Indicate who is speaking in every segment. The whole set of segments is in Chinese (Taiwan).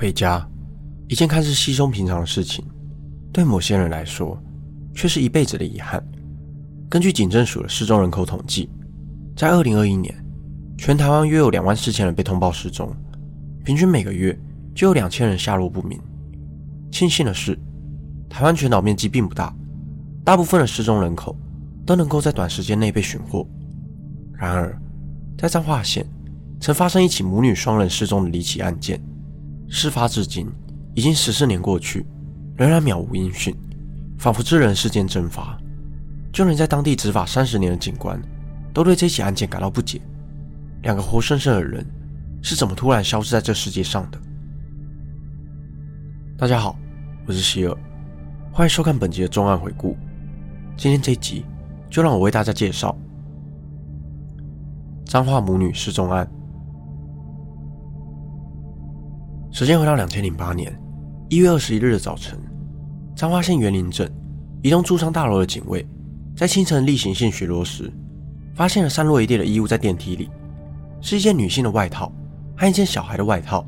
Speaker 1: 回家，一件看似稀鬆平常的事情，對某些人來說，卻是一輩子的遺憾。根據警政署的失蹤人口統計，在2021年，全台灣約有2萬4千人被通報失蹤，平均每個月就有2000人下落不明。慶幸的是，台灣全島面積並不大，大部分的失蹤人口都能夠在短時間內被尋獲。然而，在彰化縣曾發生一起母女雙人失蹤的離奇案件。事發至今，已經十四年過去，仍然渺無音訊，仿佛自人世間蒸發。就連在當地執法三十年的警官，都對這起案件感到不解：兩個活生生的人，是怎麼突然消失在這世界上的？大家好，我是希爾，歡迎收看本集的重案回顧。今天這一集，就讓我為大家介紹“彰化母女失蹤案”。時間回到兩千零八年一月二十一日的早晨，彰化縣員林鎮一棟住商大樓的警衛在清晨例行性巡邏時，發現了散落一地的衣物在電梯裡，是一件女性的外套，和一件小孩的外套，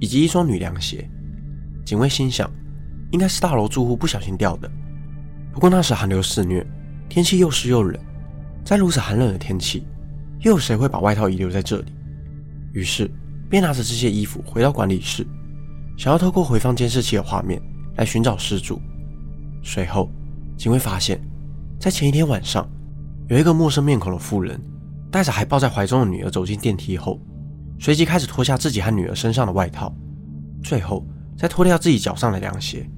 Speaker 1: 以及一雙女涼鞋。警衛心想，應該是大樓住戶不小心掉的。不過那時寒流肆虐，天氣又濕又冷，在如此寒冷的天氣，又有誰會把外套遺留在這裡？於是，便拿着這些衣服回到管理室，想要透過回放監視器的畫面來尋找失主。隨後，警衛發現，在前一天晚上，有一個陌生面孔的婦人，帶着還抱在懷中的女兒走進電梯後，隨即開始脫下自己和女兒身上的外套，最後再脫掉自己腳上的涼鞋。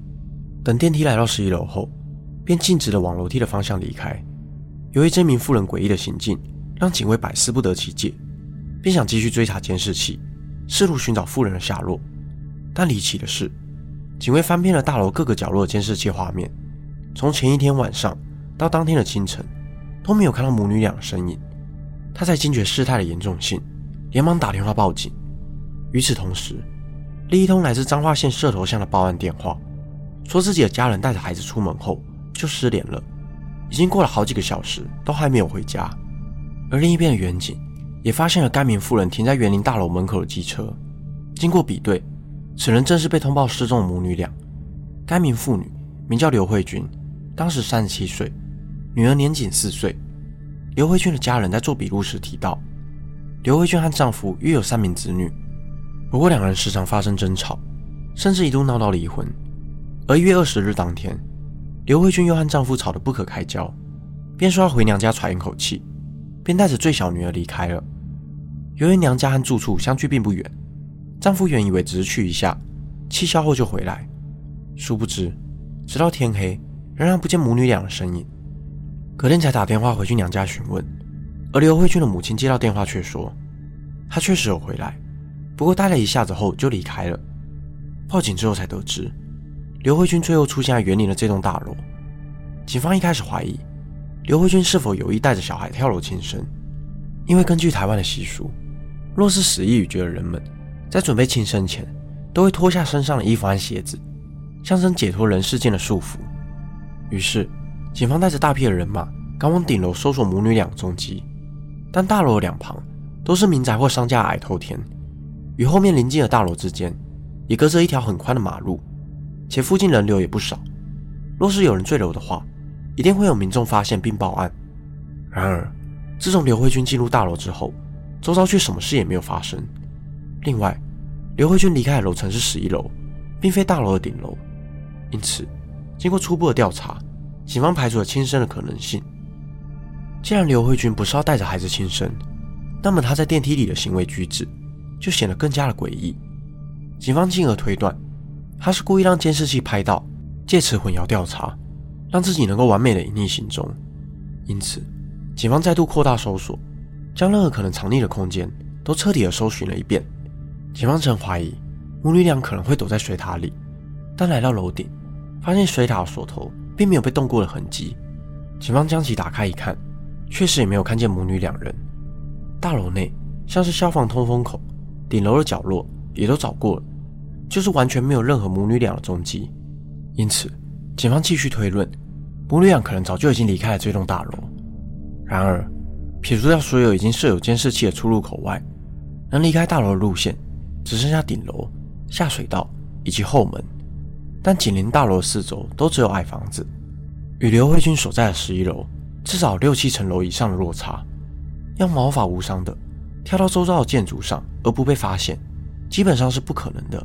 Speaker 1: 等電梯來到十一樓後，便徑直的往樓梯的方向離開。由於這名婦人詭異的行徑，讓警衛百思不得其解，便想繼續追查監視器。試圖尋找婦人的下落，但離奇的是，警衛翻遍了大樓各個角落的監視器畫面，從前一天晚上到當天的清晨，都沒有看到母女倆的身影。他才驚覺事態的嚴重性，連忙打電話報警。與此同時，另一通來自彰化縣社頭鄉的報案電話，說自己的家人帶着孩子出門後就失聯了，已經過了好幾個小時都還沒有回家。而另一邊的員警，也發現了該名婦人停在園林大樓門口的機車。經過比對，此人正是被通報失蹤的母女倆。該名婦女名叫劉慧君，當時三十七歲，女兒年僅四歲。劉慧君的家人在做筆錄時提到，劉慧君和丈夫約有三名子女，不過兩人時常發生爭吵，甚至一度鬧到離婚。而一月二十日當天，劉慧君又和丈夫吵得不可開交，便說要回娘家喘一口氣。便帶着最小女兒離開了。由於娘家和住處相距並不遠，丈夫原以為只是去一下，氣消後就回來。殊不知，直到天黑仍然不見母女倆的身影。隔天才打電話回去娘家詢問，而劉慧君的母親接到電話卻說，她確實有回來，不過待了一下子後就離開了。報警之後才得知，劉慧君最後出現在員林的這棟大樓。警方一開始懷疑。劉慧君是否有意帶着小孩跳樓輕生？因為根據台灣的習俗，若是死意已決的人們，在準備輕生前，都會脫下身上的衣服和鞋子，象徵解脫人世間的束縛。於是，警方帶着大批的人馬趕往頂樓搜索母女倆蹤跡。但大樓的兩旁都是民宅或商家的矮透天，與後面臨近的大樓之間也隔着一條很寬的馬路，且附近人流也不少。若是有人墜樓的話，一定會有民眾發現並報案。然而，自從劉慧君進入大樓之後，周遭卻什麼事也沒有發生。另外，劉慧君離開的樓層是十一樓，並非大樓的頂樓。因此，經過初步的調查，警方排除了輕生的可能性。既然劉慧君不是要帶着孩子輕生，那麼他在電梯裡的行為舉止就顯得更加的詭異。警方進而推斷，他是故意讓監視器拍到，借此混淆調查。讓自己能夠完美的隱匿行蹤，因此警方再度擴大搜索，將任何可能藏匿的空間都徹底的搜尋了一遍。警方曾懷疑母女倆可能會躲在水塔裡，但來到樓頂，發現水塔的鎖頭並沒有被動過的痕跡。警方將其打開一看，確實也沒有看見母女兩人。大樓內像是消防通風口、頂樓的角落也都找過了，就是完全沒有任何母女倆的蹤跡。因此，警方繼續推論，母女倆可能早就已經離開了這棟大樓，然而，撇除掉所有已經設有監視器的出入口外，能離開大樓的路線只剩下頂樓、下水道以及後門。但緊鄰大樓的四周都只有矮房子，與劉慧君所在的十一樓至少有六七層樓以上的落差，要毫髮無傷的跳到周遭的建築上而不被發現，基本上是不可能的。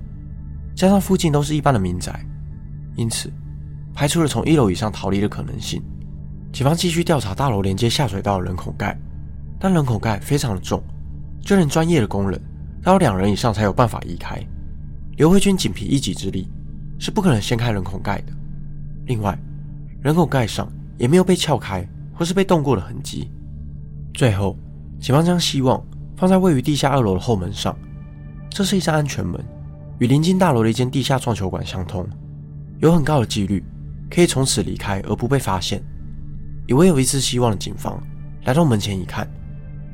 Speaker 1: 加上附近都是一般的民宅，因此，排除了從一樓以上逃離的可能性，警方繼續調查大樓連接下水道的人孔蓋，但人孔蓋非常的重，就連專業的工人都要兩人以上才有辦法移開。劉慧君僅憑一己之力是不可能掀開人孔蓋的。另外，人孔蓋上也沒有被撬開或是被動過的痕跡。最後，警方將希望放在位於地下二樓的後門上，這是一扇安全門，與臨近大樓的一間地下撞球館相通，有很高的幾率。可以從此離開而不被發現。以為有一絲希望的警方來到門前一看，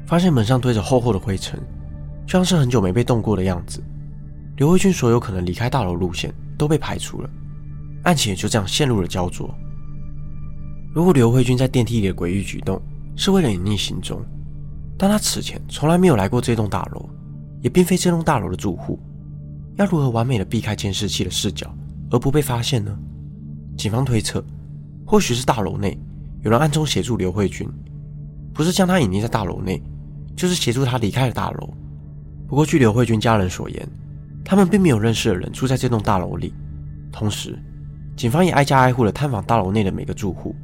Speaker 1: 發現門上堆着厚厚的灰塵，就像是很久沒被動過的樣子。劉慧君所有可能離開大樓路線都被排除了，案情也就這樣陷入了焦灼。如果劉慧君在電梯裡的詭異舉動是為了隱匿行蹤，但他此前從來沒有來過這棟大樓，也並非這棟大樓的住戶，要如何完美的避開監視器的視角而不被發現呢？警方推測，或許是大樓內有人暗中協助劉慧君，不是將她隱匿在大樓內，就是協助她離開了大樓。不過，據劉慧君家人所言，他們並沒有認識的人住在這棟大樓裡。同時，警方也挨家挨戶地探訪大樓內的每個住戶，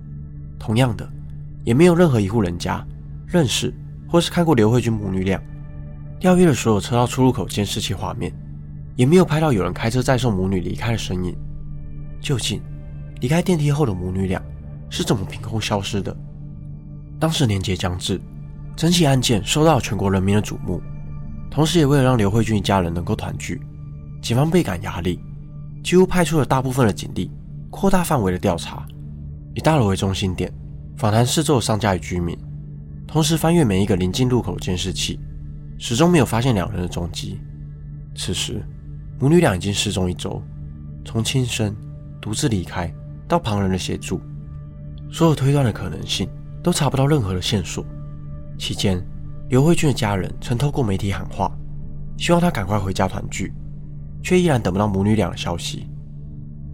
Speaker 1: 同樣的，也沒有任何一戶人家認識或是看過劉慧君母女倆。調閱了所有車道出入口監視器畫面，也沒有拍到有人開車載送母女離開的身影。就近。離開電梯後的母女倆是怎麼憑空消失的？當時年節將至，整起案件受到了全國人民的矚目，同時也為了讓劉慧君一家人能夠團聚，警方倍感壓力，幾乎派出了大部分的警力，擴大範圍的調查，以大樓為中心點，訪談四周的商家與居民，同時翻閱每一個臨近路口的監視器，始終沒有發現兩人的蹤跡。此時，母女倆已經失蹤一周，從輕生、獨自離開。到旁人的協助，所有推斷的可能性都查不到任何的線索。期間，劉慧君的家人曾透過媒體喊話，希望她趕快回家團聚，卻依然等不到母女倆的消息。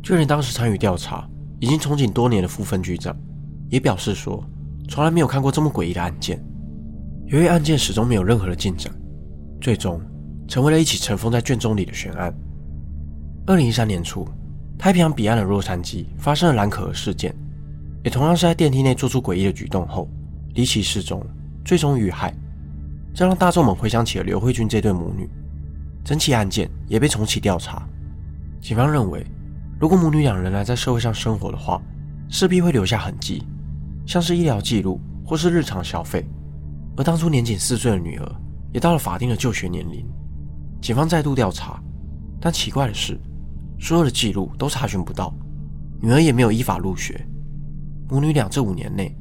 Speaker 1: 就連當時參與調查、已經從警多年的副分局長，也表示說，從來沒有看過這麼詭異的案件。由於案件始終沒有任何的進展，最終成為了一起塵封在卷宗裡的懸案。二零一三年初。太平洋彼岸的洛杉磯發生了藍可兒事件，也同樣是在電梯內做出詭異的舉動後，離奇失蹤，最終遇害。這讓大眾們回想起了劉慧君這對母女，整起案件也被重啟調查。警方認為，如果母女兩人還在社會上生活的話，勢必會留下痕跡，像是醫療記錄或是日常消費。而當初年僅四歲的女兒也到了法定的就學年齡，警方再度調查，但奇怪的是。所有的記錄都查詢不到，女兒也沒有依法入學，母女倆這五年內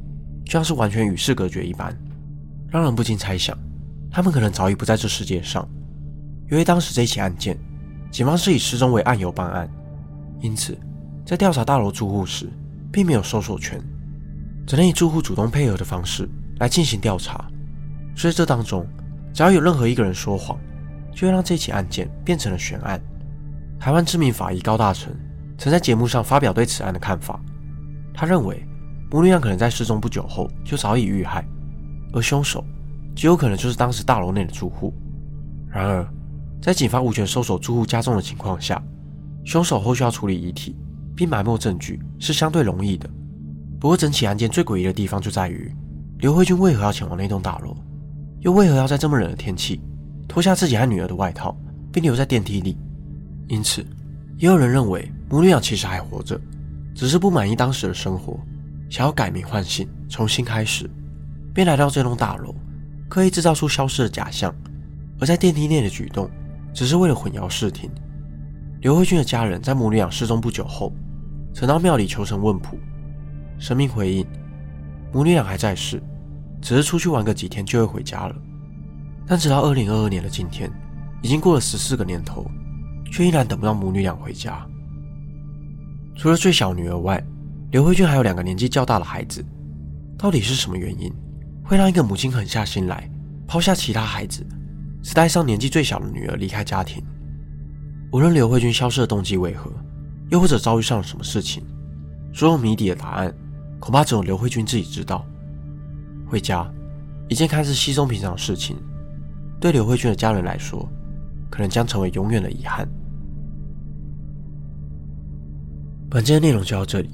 Speaker 1: 就像是完全與世隔絕一般，讓人不禁猜想，他們可能早已不在這世界上。由於當時這起案件，警方是以失蹤為案由辦案，因此在調查大樓住戶時，並沒有搜索權，只能以住戶主動配合的方式來進行調查。所以這當中，只要有任何一個人說謊，就會讓這起案件變成了懸案。台灣知名法醫高大成曾在節目上發表對此案的看法，他認為母女倆可能在失蹤不久後就早已遇害，而凶手極有可能就是當時大樓內的住戶。然而，在警方無權搜索住戶家中的情況下，凶手後續要處理遺體並埋沒證據是相對容易的。不過，整起案件最詭異的地方就在於劉慧君為何要前往那棟大樓，又為何要在這麼冷的天氣脫下自己和女兒的外套並留在電梯裡？因此，也有人認為母女倆其實還活着，只是不滿意當時的生活，想要改名換姓，重新開始，便來到這棟大樓，刻意制造出消失的假象。而在電梯內的舉動，只是為了混淆視聽。劉慧君的家人在母女倆失蹤不久後，曾到廟裡求神問卜，神明回應母女倆還在世，只是出去玩個幾天就會回家了。但直到2022年的今天，已經過了十四個年頭。卻依然等不到母女倆回家。除了最小女兒外，劉慧君還有兩個年紀較大的孩子。到底是什麼原因，會讓一個母親狠下心來，拋下其他孩子，只帶上年紀最小的女兒離開家庭？無論劉慧君消失的動機為何，又或者遭遇上了什麼事情，所有謎底的答案，恐怕只有劉慧君自己知道。回家，一件看似稀鬆平常的事情，對劉慧君的家人來說，可能將成為永遠的遺憾。本期的內容就到這裡，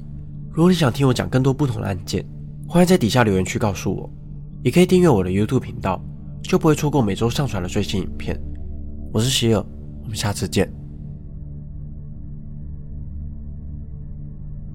Speaker 1: 如果你想聽我講更多不同的案件，歡迎在底下留言區告訴我，也可以訂閱我的 YouTube 頻道，就不會錯過每周上傳的最新影片。我是希爾，我們下次見。